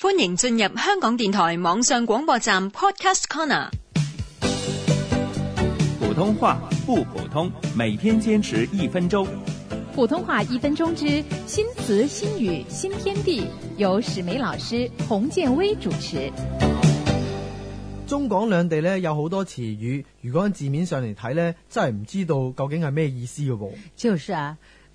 歡迎進入香港電台網上廣播站 Podcast Corner。普通話不普通，每天堅持一分鐘。普通話一分鐘之新詞新語新天地，由史梅老師、洪建威主持。中港兩地呢，有好多詞語，如果喺字面上嚟睇呢，真係唔知道究竟係咩意思嘅。就是啊。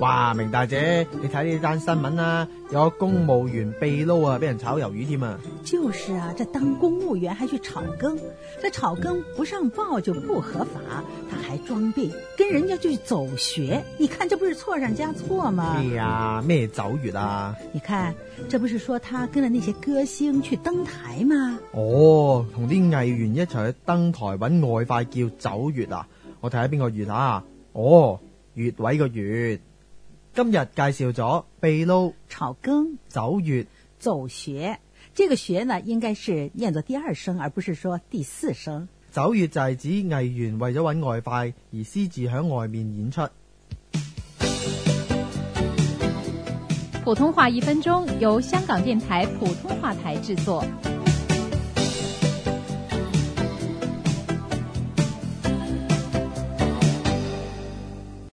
哇，明大姐，你睇呢單新聞啊，有個公務員秘撈啊，俾人炒魷魚添啊！就是啊，這當公務員還去炒更，這炒更不上報就不合法，他還裝病，跟人家就去走穴，你看這不是錯上加錯嗎？哎呀，咩走穴啊？你看，這不是說他跟着那些歌星去登台嗎？哦，同啲藝員一齊登台搵外快叫走穴啊？我睇下邊個穴啊？哦，穴位個穴。今日介紹咗秘撈、炒羹、走穴、走穴。這個穴呢，應該是念作第二聲，而不是說第四聲。走穴就係指藝員為咗搵外快而私自響外面演出。普通話一分鐘，由香港電台普通話台製作。